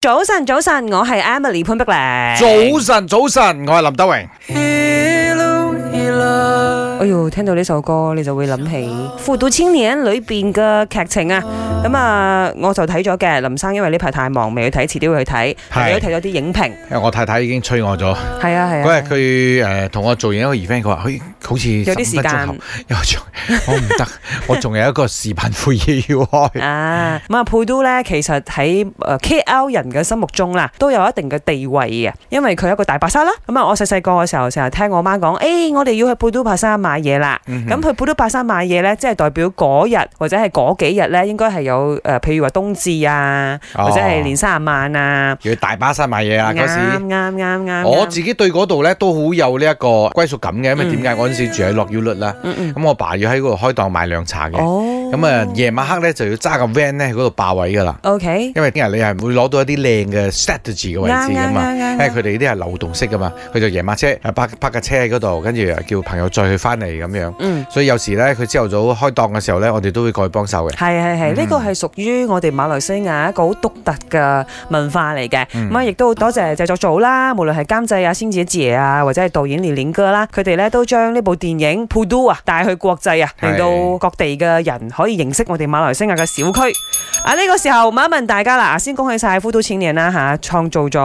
早晨，早晨，我係 Emily 潘碧玲。早晨，早晨，我係林德榮。Hello，Hello！哎喲，聽到呢首歌，你就會諗起《富都青年》裏邊嘅劇情啊。咁啊，我就睇咗嘅。林生因為呢排太忙，未去睇，遲啲會去睇。係有睇咗啲影評。我太太已經催我咗。係啊係啊。嗰、啊啊、日佢誒同我做完一個疑 e，佢話可以。哎好似有啲時間，我唔得，我仲有一個視頻會議要開。啊，咁啊，富都咧，其實喺誒 KL 人嘅心目中啦，都有一定嘅地位嘅，因為佢一個大巴剎啦。咁啊，我細細個嘅時候成日聽我媽講，誒，我哋要去富都巴剎買嘢啦。咁去富都巴剎買嘢咧，即係代表嗰日或者係嗰幾日咧，應該係有誒，譬如話冬至啊，或者係年三十晚啊，要去大巴剎買嘢啊。啱啱啱啱。我自己對嗰度咧都好有呢一個歸屬感嘅，因為點解我？住喺樂 U 路啦，咁我爸要喺嗰度開檔賣涼茶嘅。 嗯嗯 咁啊，夜、嗯、晚黑咧就要揸架 van 咧喺嗰度霸位噶啦。O K。因為聽日你係會攞到一啲靚嘅 setage 嘅位置噶 嘛，因為佢哋呢啲係流動式噶嘛，佢就夜晚車拍泊架車喺嗰度，跟住叫朋友再去翻嚟咁樣。嗯、所以有時咧佢朝頭早開檔嘅時候咧，我哋都會過去幫手嘅。係係係，呢個係屬於我哋馬來西亞一個好獨特嘅文化嚟嘅。咁啊、嗯，亦都多謝製作組啦，無論係監製啊、先子姐，姐啊，或者係導演連連哥啦，佢哋咧都將呢部電影《普都》啊帶去國際啊，令到各地嘅人是。嗯可以認識我哋馬來西亞嘅小區啊！呢、這個時候問一問大家啦，先恭喜晒《富都青年》啦嚇，創造咗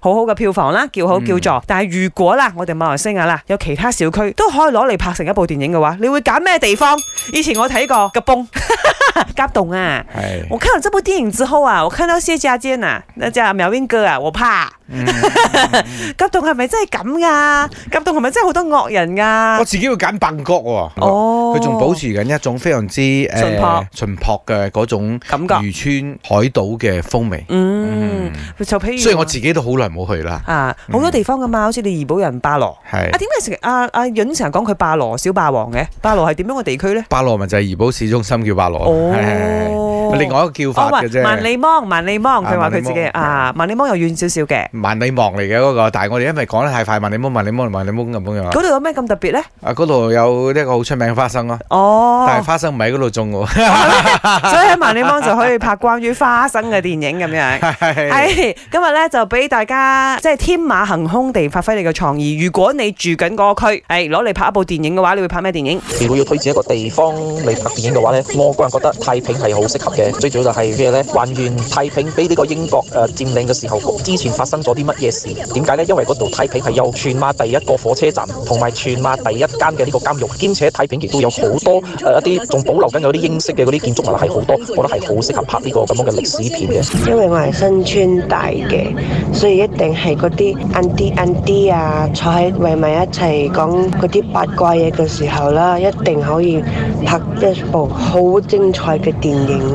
好好嘅票房啦，叫好叫座。嗯、但係如果啦，我哋馬來西亞啦有其他小區都可以攞嚟拍成一部電影嘅話，你會揀咩地方？以前我睇過嘅崩，搞不懂啊！是我看了這部電影之後啊，我看到謝家健啊，那家苗鈞哥啊，我怕。甲洞係咪真係咁噶？甲洞係咪真係好多惡人噶？我自己會揀邦咯喎。哦，佢仲保持緊一種非常之誒淳樸嘅嗰種感覺。漁村海島嘅風味。嗯，就譬如雖然我自己都、啊嗯、好耐冇去啦。啊，好多地方噶嘛，好似你怡保人巴羅。係啊，點解成阿阿允成日講佢巴羅小霸王嘅？羅巴羅係點樣個地區咧？巴羅咪就係怡保市中心叫巴羅。哦。另外一個叫法嘅啫，萬里望，萬里望，佢話佢自己啊，萬里望又遠少少嘅。萬里望嚟嘅嗰個，但係我哋因為講得太快，萬里望，萬里望，萬里望咁樣。嗰度有咩咁特別咧？啊，嗰度有一個好出名嘅花生咯。哦。但係花生唔喺嗰度種㗎喎。所以喺萬里望就可以拍關於花生嘅電影咁樣。係係係。係今日咧就俾大家即係天馬行空地發揮你嘅創意。如果你住緊嗰個區，係攞嚟拍一部電影嘅話，你會拍咩電影？如果要推薦一個地方嚟拍電影嘅話咧，我個人覺得太平係好適合。嘅最主要就係咩咧？還原太平俾呢個英國誒佔領嘅時候，之前發生咗啲乜嘢事？點解咧？因為嗰度太平係有全馬第一個火車站，同埋全馬第一間嘅呢個監獄，兼且太平亦都有好多誒、呃、一啲仲保留緊有啲英式嘅嗰啲建築物係好多，我覺得係好適合拍呢個咁樣嘅歷史片嘅。因為我係新村大嘅，所以一定係嗰啲 Auntie Auntie 啊，坐喺圍埋一齊講嗰啲八卦嘢嘅時候啦，一定可以拍一部好精彩嘅電影